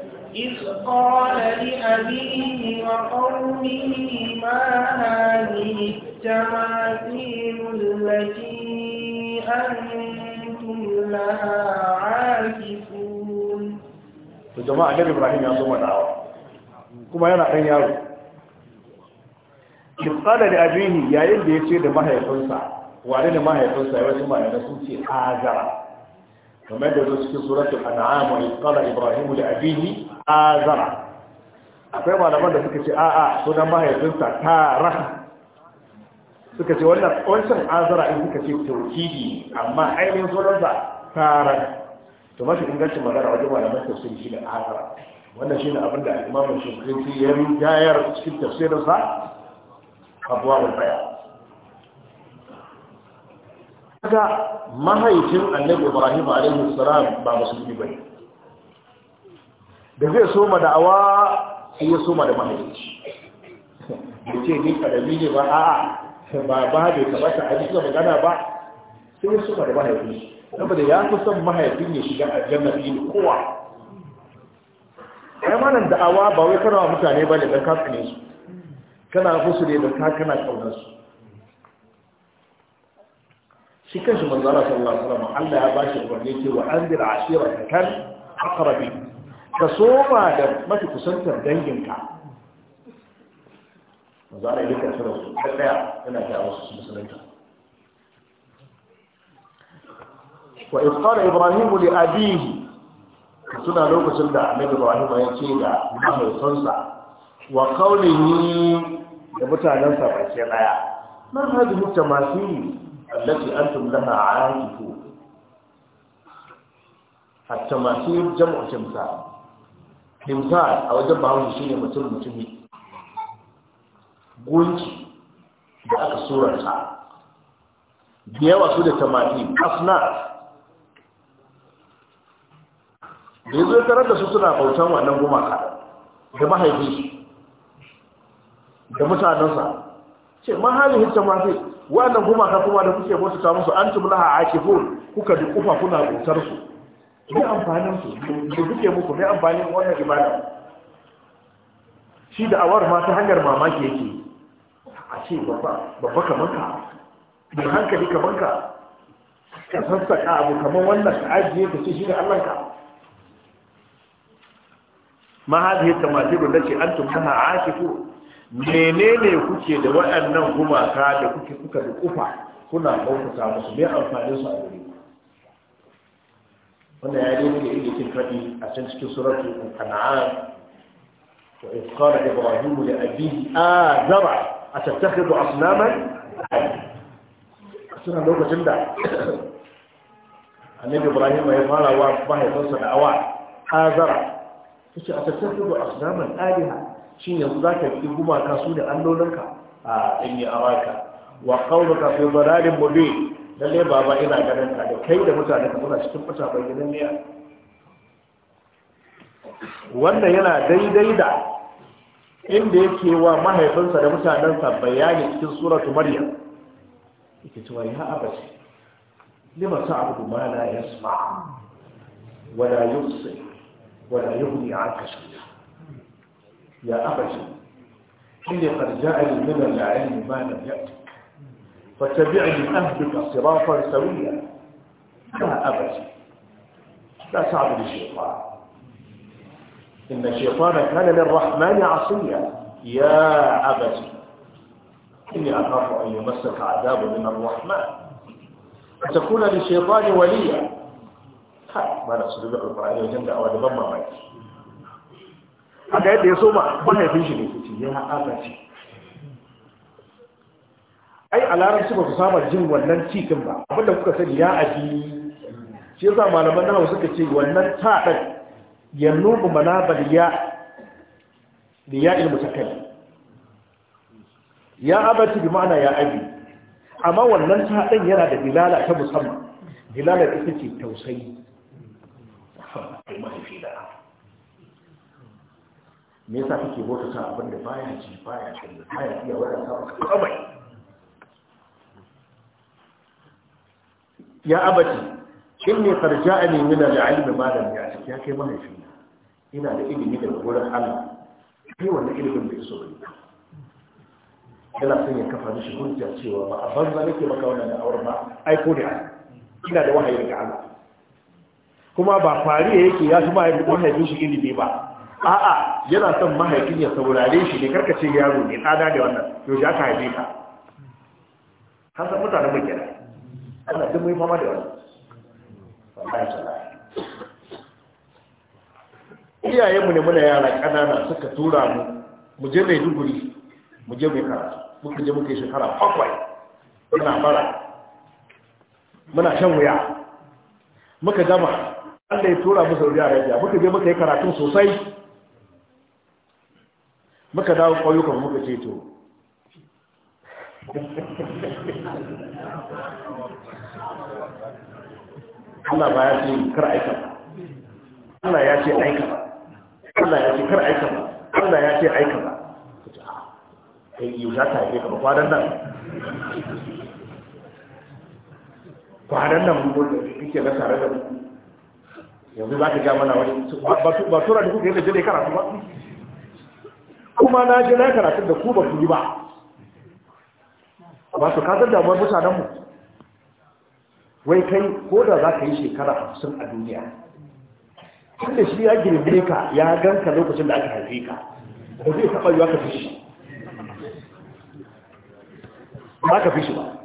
إذ قال لأبيه وقومه ما هذه التماثيل التي أنتم لها عاكفون جماعة النبي إبراهيم يعظم الدعوة kuma yana ɗan yaro. Kifkada da abini yayin da ya ce da mahaifinsa, wane ne mahaifinsa ya wasu ma'ana sun ce azara. Kamar da zuwa cikin suratul an'am wa kifkada Ibrahimu da abini azara akwai malaman da suka ce a'a sunan mahaifinsa tara suka ce wannan wancan azara in suka ce tauhidi amma ainihin sunansa tara to mashi ingancin magana wajen malaman sun shi da azara wannan shi ne abin da imamun shukrinci ya yi jayar cikin tafsirinsa abuwa baya kaga mahaifin annabi ibrahim alaihi salam ba musulmi bane da zai soma da'awa sai ya soma da mahaifi da ce ni kadami ne ba a'a ba ba bai tabbata a cikin magana ba sai ya soma da mahaifi saboda ya fi son mahaifin ya shiga a fiye da kowa ai malam da'awa ba wai kana mutane ba ne dan ka ne su kana su ne da ka kana kaunar su shi shi manzara sallallahu alaihi wasallam Allah ya bashi umarni ce wa anzir kan aqrabin ka soma da mafi kusantar danginka za a yi duka su da su ɗaya yana da wasu su musulunta wa ifkara ibrahimu li abihi suna lokacin da annabi ibrahimu ya ce da mahaifansa wa kaulihi da mutanensa ba ce ɗaya man hadu mutamasi allati antum A aakifu at-tamasir jam'a timsal himsar a wajen shi shine mutum mutumi gunki da aka surarsa da yawa su da tamaki asnat da ya zai tarar da su suna bautan wannan gumaka da mahaifi da mutanensa ce ma halihin mafi wannan gumaka kuma da kuke samun musu an tumlaha akifun kuka kufa kuna bautar su mai amfanin su da duke muku mai amfanin wannan ibada shi da awar ma ta hanyar mamaki yake a ce babba kamar ka mai hankali kamar ka ka sassaka abu kamar wannan ka ajiye ka ce shi da ka ma hazihi tamatiru da ce an tumtana a ashifu menene kuke da waɗannan gumaka da kuke kuka da kufa kuna bauta musu mai amfanin su a wuri wanda ya yi da inda yake faɗi a can cikin suratu kan'an wa in qala ibrahim li a azara atattakhidhu asnaman suna lokacin da annabi ibrahim ya fara wa mahaifinsa da awa azara yace atattakhidhu asnaman aliha shin yanzu zaka yi gumaka su da allolinka a in yi awaka wa qawluka fi dhalalin mubin lalle baba ina ganin ka da kai da mutane ka suna cikin fata bai gidan ne wannan yana daidai da inda yake wa mahaifinsa da mutanensa bayani cikin suratu maryam yake cewa ya abace lima abu ma la yasma wa la yusir wa la yughni 'anka shay'a ya abace inni qad ja'ani min al-'ilmi ma lam ya'tik واتبعني أهدك صراطا سويا يا أبتي لا تعبد الشيطان إن الشيطان كان للرحمن عصيا يا أبتي إني أخاف أن يمسك عذاب من الرحمن وتكون للشيطان وليا ما نقصد بقى القرآن وجند أو أدبما معك هذا يدي يصوم ما يفيش لي يا أبتي ai a larabci ba su saba jin wannan cikin ba abinda kuka sani ya aji shi yasa malaman nawa suka ce wannan ta ɗan ya nubu manabal ya da ya ilmu takai ya abaci bi ma'ana ya aji. amma wannan ta ɗan yana da bilala ta musamman bilala ita ce tausayi ai mahaifi da me yasa kake bauta abin da baya ji baya ji baya iya wadata kawai ya abati shin ne farja a nemi na da alimin malam ya ce ya kai mahaifina ina da ilimi da wurin allah kai wannan ilimin bai so ne yana son ya kafa mishi hujja cewa ba a banza nake maka wannan da auren ba aiko da ina da wahayi daga allah kuma ba ya yake ya fi mahaifin shi ilimi ba a'a yana son mahaifin ya saurare shi ne karkace yaro ne tsada da wannan yau ya ka haife ka har san mutanen mai kenan Allah duk mun fama da wani Iyaye wallahi iyayenmu ne muna yara ƙanana suka tura mu mu je mai duguri mu je mai karatu muka je muka yi shekara bakwai muna bara muna shan wuya muka gama Allah ya tura mu Saudi Arabia muka je muka yi karatu sosai muka dawo ƙauyukan muka ce to Allah ba ya ce kar aika Allah ya ce aika Allah ya ce kar aika Allah ya ce aika ba kai yau za ta haife ka ba kwanan nan kwanan nan mun kike na tare da mu yanzu za ka ja mana wani ba tura da kuka yi da jade karatu ba kuma na je na karatun da ku ba ku yi ba ba su kasar damuwar mutanenmu wai kai ko da za ka yi shekara hamsin a duniya tun da shi ya girbe ka ya ganka lokacin da aka haife ka ba zai taɓa yiwa ka fi shi ba ka fi shi ba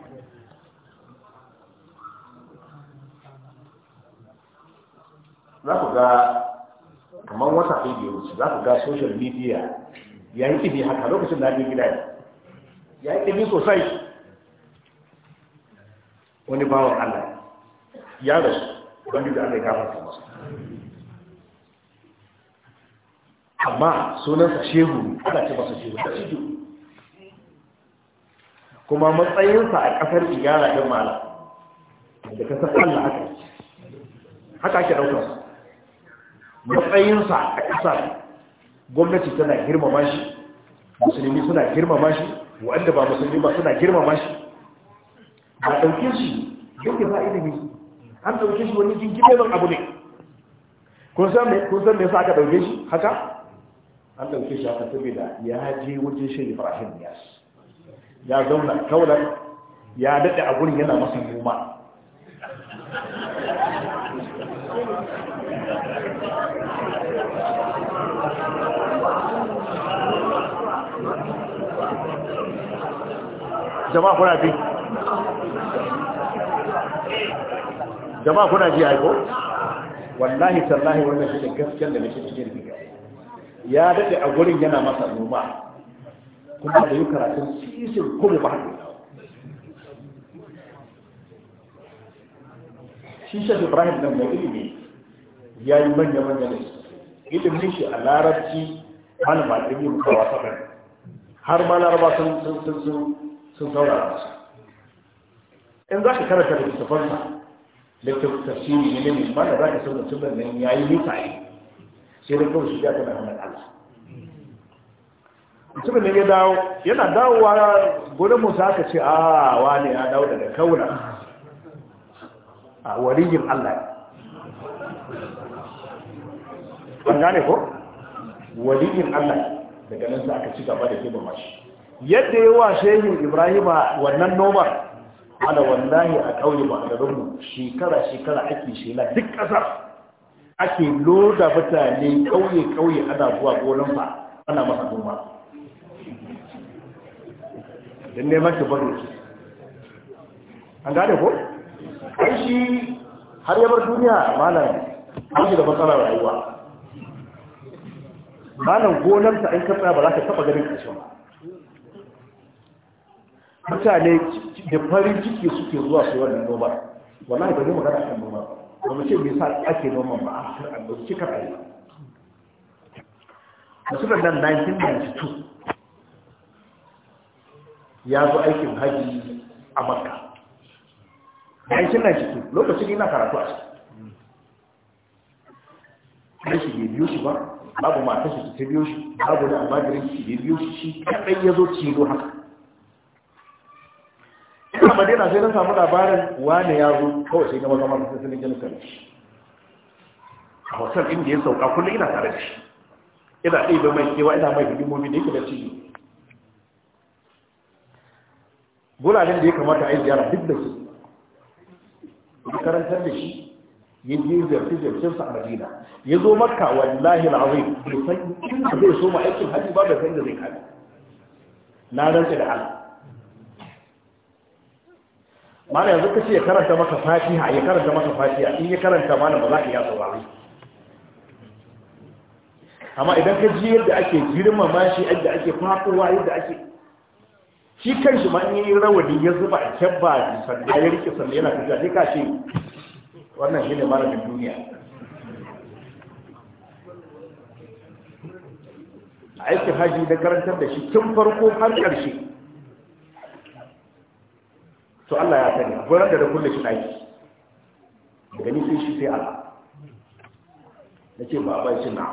za ku ga kamar wata ɗaya wuce za ku ga social media ya yi ɗibi haka lokacin da ake gida ya yi ɗibi sosai wani bawan Allah ya rasu wani da Allah ya gafarta masa amma sunansa shehu ana ce masa shehu da ido kuma matsayinsa a kasar igala ɗin mala da kasar Allah yi, haka ake ɗaukar matsayinsa a kasar gwamnati tana girmama shi musulmi suna girmama shi wa'anda ba musulmi ba suna girmama shi ba ɗauke shi yake ba ilimi an ɗauke shi wani yawan abu ne kun san me sa aka ɗauke shi haka an ɗauke shi haka saboda ya je wajen shi ibrahim yas ya zauna kaunar ya daɗe a gurin yana masu noma jama'a kuna fi jama kuna ji aiko wallahi sallahi wannan shi da gaskiyar da mace cikin rikiki ya dade a gurin yana masa noma kuma da yi karatun cikin kuma ba haɗu shi shi ibrahim nan mai ilimi ya yi manya-manya ne ilimin shi a larabci hana ba ɗin yi kawa saman har ma laraba sun saurara su in za ka karanta da littafansa da tafsiri ne ne ba da za ka san mutum nan ya yi mutane sai da kawai shi ya tana hannun Allah mutumin ne ya dawo yana dawowa gudun musa aka ce a ah, wani ya dawo daga kauna a waliyin Allah ne. an gane ko waliyin Allah daga nan za ka ci gaba da girmama shi yadda yi wa shehin a wannan nomar ana wallahi a kauye ba a garinmu shekara-shekara ake shela duk ƙasar ake loda mutane kauye kauye ana zuwa gonan ba ana masa noma don neman ta bar yake an gane ko? kai shi har yabar duniya malam an da matsala rayuwa malam gonarsa an kasa ba za ka taɓa ganin ƙarshen ba mutane da farin ciki suke zuwa su wannan noma wallahi ba zai magana kan noma ba mu ce me yasa ake noma ba a shir'an ba su cika ɗaya da suka dan 1992 ya zo aikin haji a makka 1992 lokacin ina karatu a cikin, kai shi ne biyo shi ba babu matashi shi ta biyo shi babu da amma shi bai biyo shi shi kaɗai ya zo cilo haka madina sai na samu labarin wani ya zo kawai sai na wata mara sai sanin jinin kanci a hotel inda ya sauka kullum ina tare da shi ina ɗaiɗa mai kewa ina mai hidimomi da yake da ciki gulalin da ya kamata a yi ziyara duk da su ya karantar da shi ya yi ziyarci ziyarcinsa a madina ya zo makka wallahi al'azim bai san inda zai so ma aikin hajji ba da san da zai kare. na rantsa da Allah mana yanzu ka ce ya karanta maka fatiha ya karanta maka fatiha in ya karanta mana ba za ka iya saurari amma idan ka ji yadda ake girman mashi yadda ake fakowa yadda ake shi kanshi ma in yi rawani ya zuba a kyabba sanda ya rike sanda yana tafiya sai ka ce wannan shine da duniya aikin haji da karantar da shi tun farko har ƙarshe to Allah ya sani gurin da da kulle shi ɗaki, daga ni sai shi sai Allah ce ba bai shi na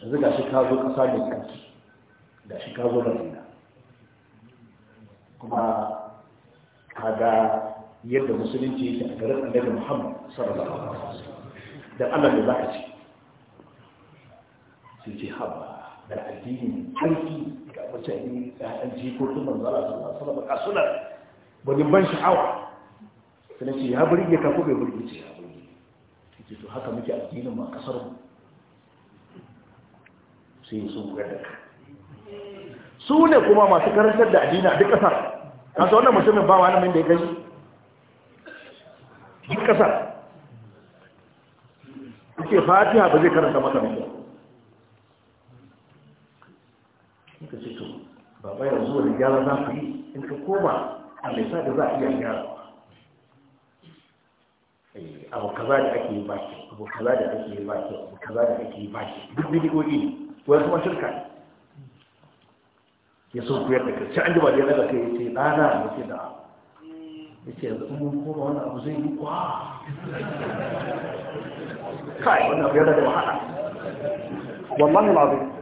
yanzu shi ka zo kasa mai da shi ka zo Madina kuma kaga yadda musulunci yake a garin annabi Muhammad sallallahu alaihi wasallam dan Allah ne zaka ce sai ce haba da addini tsarki mace in jikokin manzo Allah sallallahu alaihi wasallam wani ban sha'awa sai ce ya birge ka ko bai birge ce ya ta ce to haka muke addinin mu a kasar mu sai sun ga da su ne kuma masu karantar da addini a duk kasar kasa wannan mutumin ba mai da ya gani duk kasar ake fatiha ba zai karanta masa mutum suka ce to baba yanzu wani gyara za ku yi in ka koma a mai sa da za a iya gyara eh, abu kaza da ake yi baki abu kaza da ake yi baki abu kaza da ake yi baki duk bidigogi ne wani kuma shirka ne ya sun koyar da karshe an ji ba da ya kai ya ce ɗana ya ce da ya ce yanzu mun koma wani abu zai yi kwa kai wani abu ya daga wahala wallahi ma'azin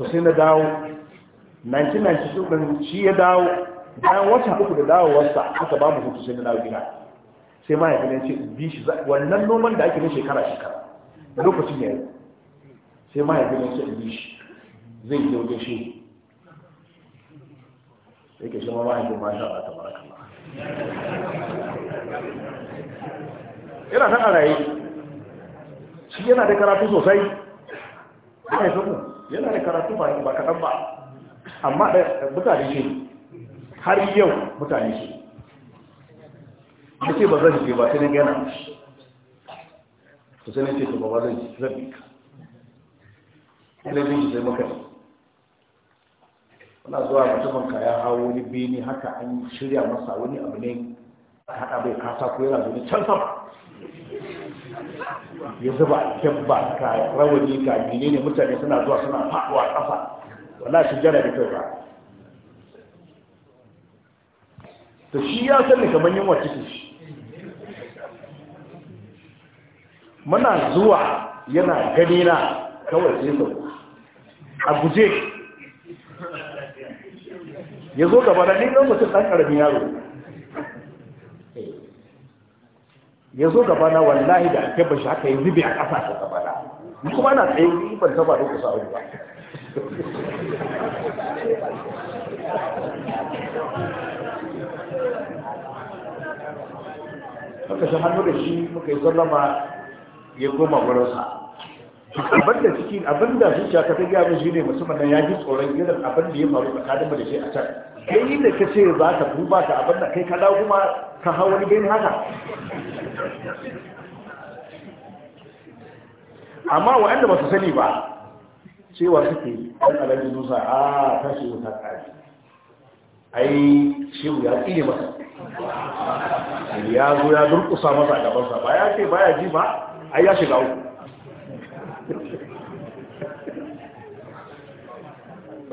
to sai na dawo 1992 ɗin shi ya dawo bayan wata uku da wasa aka ba mu hutu sai na dawo gida sai ma ya gina ce bi shi wannan noman da ake na shekara shekara lokacin ya yi sai ma ya gina ce bi shi zai yi wajen shi sai ke shi ma ma haifin masha Allah ta baraka ba yana ta ƙaraye shi yana da karatu sosai ana yi sosai yana da karatu ba kaɗan ba amma mutane shi har yau mutane shi da ce ba zan ce ba sai na gana su sai na ce ba ba zan ce zan bi ka ilimin shi sai maka wana zuwa mutumin ka ya hawo wani bini haka an shirya masa wani abu ne a haɗa bai kasa ko yana zuwa can sama ya zuba kyabba ka rawani ka ne mutane suna zuwa suna faɗuwa ƙasa wala shi jana da kyau ba shi ya sani kamar yunwa cikin shi muna zuwa yana gani na kawai sai sau a guje ya zo gaba da ni mutum ɗan ƙaramin yaro ya zo gabana wallahi da ake bashi haka ya zube a ƙasa ta gabana ni kuma na tsaye ni ban taba da kusa wani ba muka shi hannu da shi muka yi sallama ya goma wurinsa abin da cikin abin da zuciya ka ta gaya min ne musamman ya ji tsoron irin abin da ya faru tsakanin mu da shi a can kai da ka ce za ka duba ka abin da kai ka dawo kuma ka hau wani gani haka amma waɗanda ba su sani ba cewa suke ɗan alaji musa a ah, tashi wuta ƙari ai shehu ya ƙine masa ya zo ya durƙusa masa a gabansa ba ya ce ba ya ji ba ai ya shiga uku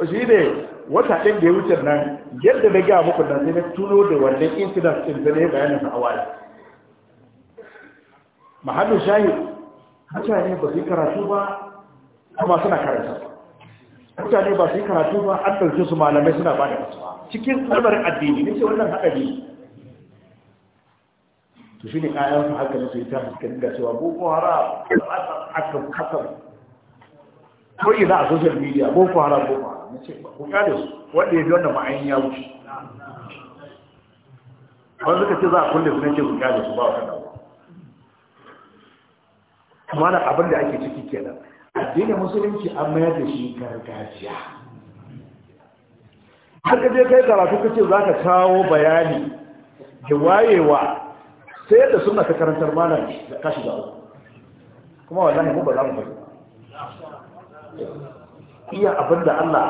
shi ne wata ɗin da ya wuce nan yadda na gaya muku nan sai na tuno da wannan incident ɗin da ne bayanin sa awali mahallin shahi mutane ba su yi karatu ba kuma suna karanta mutane ba su yi karatu ba an ɗauke su malamai suna ba da kasuwa cikin albarin addini ne ce wannan haɗari to shi ne kayan su haka su yi ta fuskan da cewa boko haram aka kasar ko ina a social media boko haram boko haram na ce ba wanda ya ji wannan ma'ayin ya wuce wani suka ce za a kulle su na ce ku kyale su ba wata kan kuma abin da ake ciki kenan Addini musulunci an mayar da shi gargajiya har ka je kai karatu ka ce za ka kawo bayani da wayewa sai yadda suna ta karantar malam da kashi da uku kuma wallahi mu ba za mu bari iya abin da Allah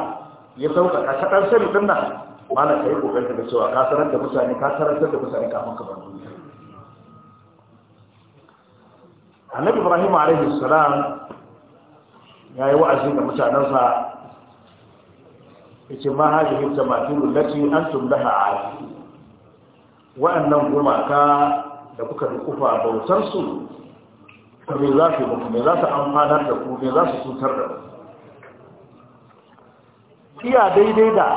ya sauka ka kaɗan sani ɗin nan mana ka yi ƙoƙarta da cewa ka sanar da mutane ka sanar da mutane kafin ka bar duniya annabi ibrahim alaihi salam ya yi wa'azi ga mutanensa ya ce ma hajji ta matilu lati an tumlaha a wa'annan gumaka da kuka rukufa bautar me za su muku me za su amfanar da ku me za su cutar da ku iya daidai da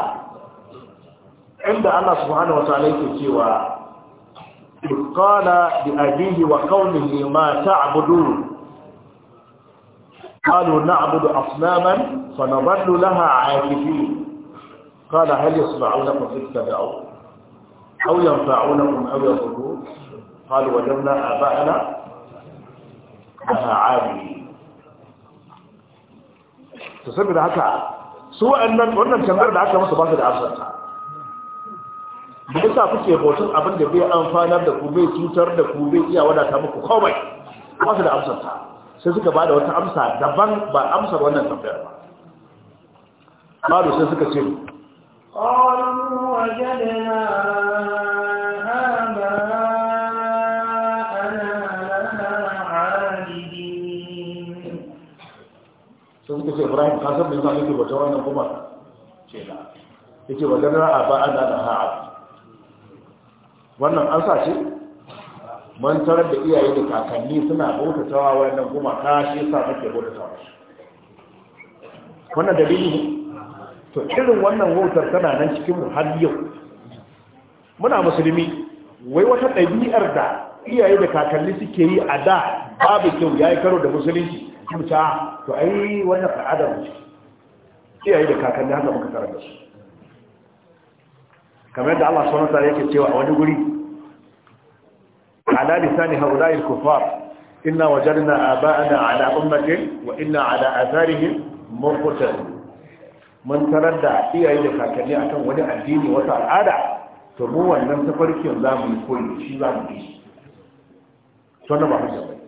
inda Allah subhanahu wa ta'ala yake cewa qala bi abihi wa qawmihi ma ta'budun qalu na'budu asnaman fa nadallu laha 'akifin qala hal yasma'una ma tuktabu aw yanfa'una um aw yadhurru qalu wajadna aba'ana laha 'abidin to saboda haka su wa'annan wannan tambayar da aka masa ba su da asarta da yasa kuke hoton abin da bai amfanar da ku cutar da ku bai iya wadata muku komai ba su da amsarta sai suka ba da wata amsa daban ba amsar wannan tambayar ba da sai suka ce, "Ƙwararru wajen na ce ibrahim ka san bin zaki kake bauta wannan kuma ce da yake wa gadara ba ana da ha'a wannan an sa ce man tarar da iyaye da kakanni suna bautatawa wannan kuma ka shi yasa kake tawa. wannan dalili to irin wannan wautar tana nan cikin mu har yau muna musulmi wai wata ɗabi'ar da iyaye da kakanni suke yi a da babu kyau ya yi karo da musulunci kyauta to ai wannan al'ada mu ce iyaye da kakanni haka muka tarar da su kamar yadda Allah subhanahu wa ta'ala yake cewa a wani guri ala lisani haula'i al-kuffar inna wajadna aba'ana ala ummatin wa inna ala atharihim muqtadun mun tarar da iyaye da kakanni akan wani addini wata al'ada to mu wannan tafarkin zamu koyi shi zamu yi to na ba hujja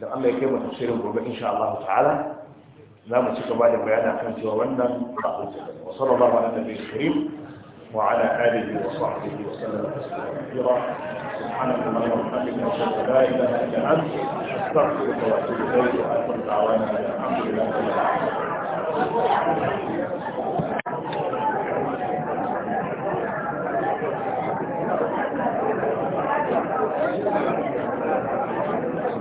idan Allah ya kai mu tafsirin gobe insha Allah ta'ala za mu ci gaba da bayana kan cewa wannan ba hujja bane wa sallallahu ala nabiyyi karim wa ala alihi wa sahbihi wa sallam taslima سبحانك اللهم وبحمدك اشهد ان لا اله الا انت استغفرك واتوب اليك واخر دعوانا الحمد لله رب العالمين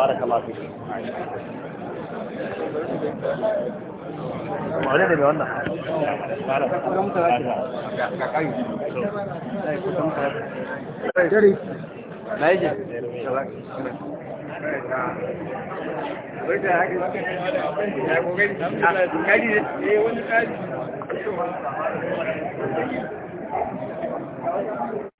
بارك الله فيك Thank you.